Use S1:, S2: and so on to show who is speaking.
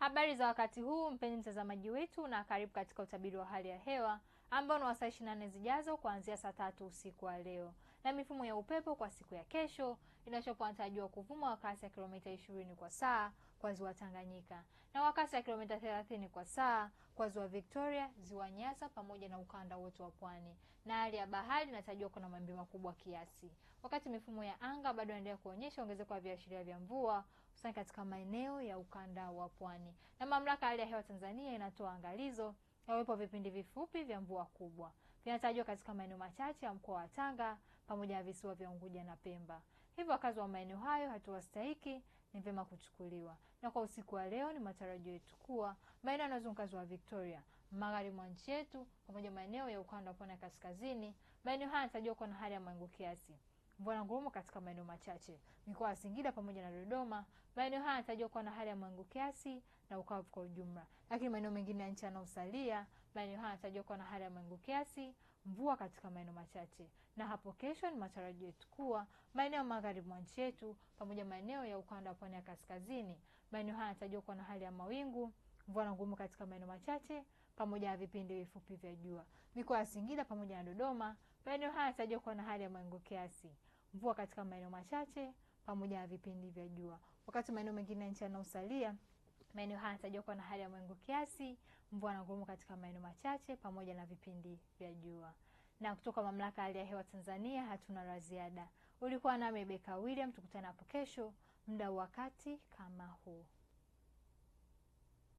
S1: Habari za wakati huu mpenzi mtazamaji wetu, na karibu katika utabiri wa hali ya hewa ambao ni wa saa 24 zijazo kuanzia saa tatu usiku wa leo. Na mifumo ya upepo kwa siku ya kesho inashopo kuvuma kwa kasi ya kilomita 20 kwa saa kwa ziwa Tanganyika na kwa kasi ya kilomita 30 kwa saa kwa ziwa Victoria, ziwa Nyasa pamoja na ukanda wote wa pwani. Na hali ya bahari inatarajiwa kuna mawimbi makubwa kiasi. Wakati mifumo ya anga bado inaendelea kuonyesha ongezeko la viashiria vya mvua hususani katika maeneo ya ukanda wa pwani. Na mamlaka ya hali ya hewa Tanzania inatoa angalizo Yawepo vipindi vifupi vya mvua kubwa vinatajwa katika maeneo machache ya mkoa wa Tanga pamoja na visiwa vya Unguja na Pemba. Hivyo wakazi wa maeneo hayo, hatua stahiki ni vyema kuchukuliwa. Na kwa usiku wa leo, ni matarajio yetu kuwa maeneo yanayozunguka ziwa Victoria, magharibi mwa nchi yetu, pamoja maeneo ya ukanda wa pwani ya kaskazini, maeneo haya yanatarajiwa kuwa na hali ya mawingu kiasi mvua ngumu katika maeneo machache. Mikoa ya Singida pamoja na Dodoma, maeneo haya yanatarajiwa kuwa na hali ya mawingu kiasi na ukavu kwa ujumla, lakini maeneo mengine ya nchi yanayosalia, maeneo haya yanatarajiwa kuwa na hali ya mawingu kiasi, mvua katika maeneo machache. Na hapo kesho, ni matarajio yetu kuwa maeneo magharibi mwa nchi yetu pamoja maeneo ya ukanda wa pwani ya kaskazini, maeneo haya yanatarajiwa kuwa na hali ya mawingu, mvua na ngumu katika maeneo machache pamoja na vipindi vifupi vya jua. Mikoa ya Singida pamoja na Dodoma, maeneo haya yanatarajiwa kuwa na hali ya mawingu kiasi mvua katika maeneo machache pamoja na vipindi vya jua. Wakati maeneo mengine ya nchi yanaosalia maeneo haya yanatarajiwa kuwa na hali ya mawingu kiasi, mvua na ngurumo katika maeneo machache pamoja na vipindi vya jua. Na kutoka Mamlaka ya Hali ya Hewa Tanzania hatuna la ziada. Ulikuwa nami Beka William, tukutane hapo kesho muda wakati kama huu.